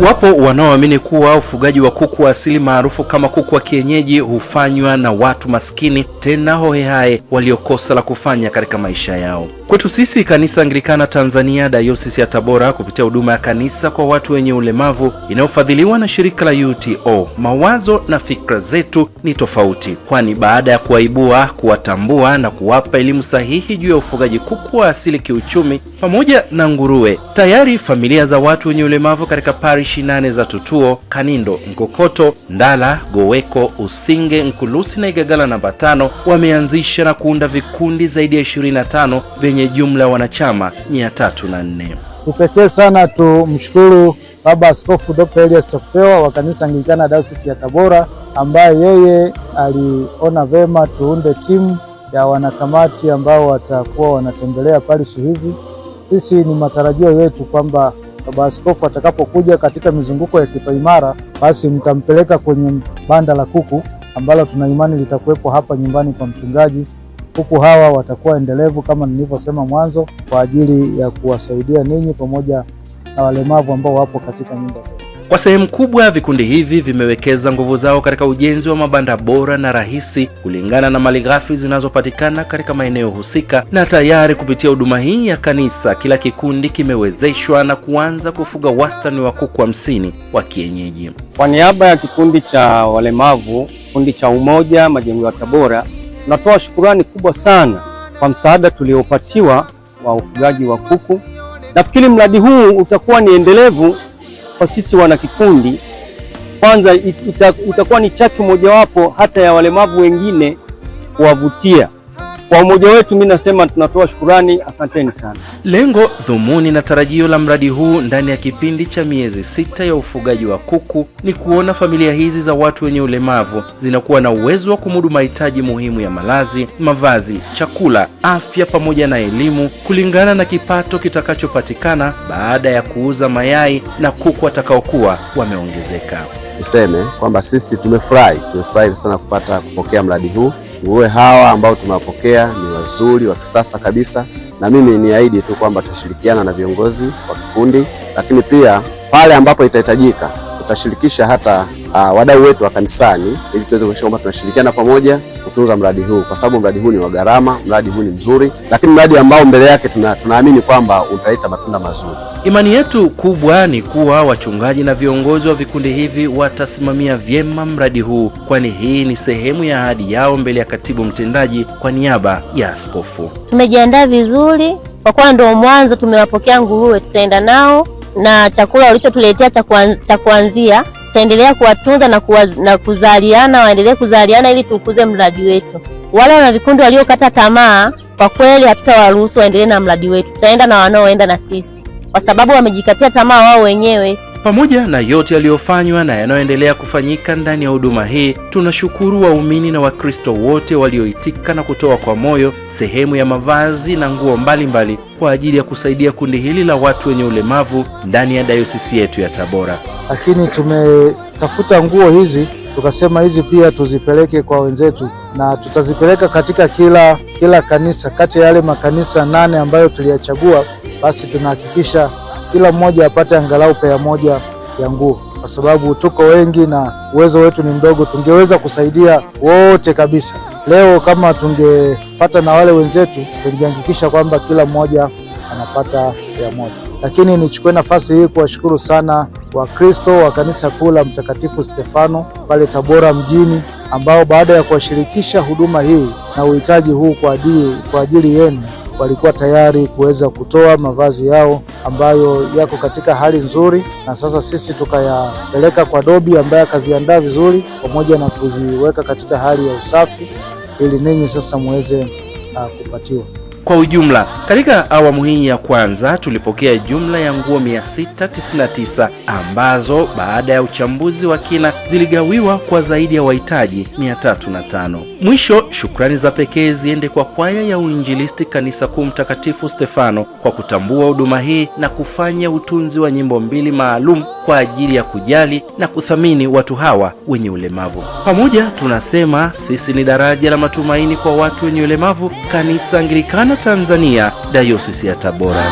Wapo wanaoamini kuwa ufugaji wa kuku wa asili maarufu kama kuku wa kienyeji hufanywa na watu maskini tena hohehae waliokosa la kufanya katika maisha yao. Kwetu sisi Kanisa Anglikana Tanzania Dayosisi ya Tabora kupitia huduma ya kanisa kwa watu wenye ulemavu inayofadhiliwa na shirika la UTO, mawazo na fikra zetu ni tofauti, kwani baada ya kuwaibua, kuwatambua na kuwapa elimu sahihi juu ya ufugaji kuku wa asili kiuchumi pamoja na nguruwe, tayari familia za watu wenye ulemavu katika parish ishirini nane za Tutuo, Kanindo, Nkokoto, Ndala, Goweko, Usinge, Nkulusi na Igagala namba tano wameanzisha na kuunda vikundi zaidi ya 25 vyenye jumla ya wanachama 304. Tupekee sana tumshukuru Baba Askofu Dr. Elias sofewa wa Kanisa Anglikana Dayosisi ya Tabora ambaye yeye aliona vema tuunde timu ya wanakamati ambao watakuwa wanatembelea parishi hizi. Sisi ni matarajio yetu kwamba Baba Askofu atakapokuja katika mizunguko ya kipaimara, basi mtampeleka kwenye banda la kuku ambalo tuna imani litakuwepo hapa nyumbani kwa mchungaji. Kuku hawa watakuwa endelevu kama nilivyosema mwanzo, kwa ajili ya kuwasaidia ninyi pamoja na walemavu ambao wapo katika nyumba zetu. Kwa sehemu kubwa, vikundi hivi vimewekeza nguvu zao katika ujenzi wa mabanda bora na rahisi kulingana na malighafi zinazopatikana katika maeneo husika, na tayari kupitia huduma hii ya kanisa, kila kikundi kimewezeshwa na kuanza kufuga wastani wa kuku hamsini wa kienyeji. Kwa niaba ya kikundi cha walemavu, kikundi cha Umoja Majengo ya Tabora, tunatoa shukurani kubwa sana kwa msaada tuliopatiwa wa ufugaji wa kuku. Nafikiri mradi huu utakuwa ni endelevu kwa sisi wana kikundi, kwanza itakuwa ni chachu mojawapo hata ya walemavu wengine kuwavutia kwa umoja wetu, mimi nasema tunatoa shukurani, asanteni sana. Lengo, dhumuni na tarajio la mradi huu ndani ya kipindi cha miezi sita ya ufugaji wa kuku ni kuona familia hizi za watu wenye ulemavu zinakuwa na uwezo wa kumudu mahitaji muhimu ya malazi, mavazi, chakula, afya pamoja na elimu kulingana na kipato kitakachopatikana baada ya kuuza mayai na kuku watakaokuwa wameongezeka. Niseme kwamba sisi tumefurahi, tumefurahi sana kupata kupokea mradi huu nguruwe hawa ambao tumewapokea ni wazuri wa kisasa kabisa, na mimi niahidi tu kwamba tutashirikiana na viongozi wa kikundi, lakini pia pale ambapo itahitajika tutashirikisha hata uh, wadau wetu wa kanisani ili tuweze kuhakikisha kwamba tunashirikiana pamoja kutunza mradi huu, kwa sababu mradi huu ni wa gharama, mradi huu ni mzuri, lakini mradi ambao mbele yake tuna, tunaamini kwamba utaleta matunda mazuri. Imani yetu kubwa ni kuwa wachungaji na viongozi wa vikundi hivi watasimamia vyema mradi huu, kwani hii ni sehemu ya ahadi yao mbele ya katibu mtendaji kwa niaba ya askofu. Tumejiandaa vizuri kwa kuwa ndio mwanzo tumewapokea nguruwe, tutaenda nao na chakula walichotuletea cha kuanzia tutaendelea kuwatunza na, na kuzaliana, waendelee kuzaliana ili tukuze mradi wetu. Wale wana vikundi waliokata tamaa, kwa kweli hatutawaruhusu waendelee na mradi wetu, tutaenda na wanaoenda na sisi, kwa sababu wamejikatia tamaa wao wenyewe. Pamoja na yote yaliyofanywa na yanayoendelea kufanyika ndani ya huduma hii, tunashukuru waumini na Wakristo wote walioitika na kutoa kwa moyo sehemu ya mavazi na nguo mbalimbali mbali kwa ajili ya kusaidia kundi hili la watu wenye ulemavu ndani ya dayosisi yetu ya Tabora. Lakini tumetafuta nguo hizi tukasema hizi pia tuzipeleke kwa wenzetu na tutazipeleka katika kila kila kanisa kati ya yale makanisa nane ambayo tuliyachagua, basi tunahakikisha kila mmoja apate angalau pea moja ya nguo, kwa sababu tuko wengi na uwezo wetu ni mdogo. Tungeweza kusaidia wote kabisa leo kama tungepata na wale wenzetu, tungehakikisha kwamba kila mmoja anapata pea moja. Lakini nichukue nafasi hii kuwashukuru sana Wakristo wa Kanisa Kuu la Mtakatifu Stefano pale Tabora mjini ambao baada ya kuwashirikisha huduma hii na uhitaji huu kwa ajili yenu walikuwa tayari kuweza kutoa mavazi yao ambayo yako katika hali nzuri, na sasa sisi tukayapeleka kwa Dobi ambaye akaziandaa vizuri pamoja na kuziweka katika hali ya usafi ili ninyi sasa muweze uh, kupatiwa. Kwa ujumla katika awamu hii ya kwanza tulipokea jumla ya nguo 699 ambazo baada ya uchambuzi wa kina ziligawiwa kwa zaidi ya wahitaji 305. Mwisho Shukrani za pekee ziende kwa kwaya ya uinjilisti kanisa kuu Mtakatifu Stefano kwa kutambua huduma hii na kufanya utunzi wa nyimbo mbili maalum kwa ajili ya kujali na kuthamini watu hawa wenye ulemavu. Pamoja tunasema sisi ni daraja la matumaini kwa watu wenye ulemavu, Kanisa Anglikana Tanzania, Dayosisi ya Tabora.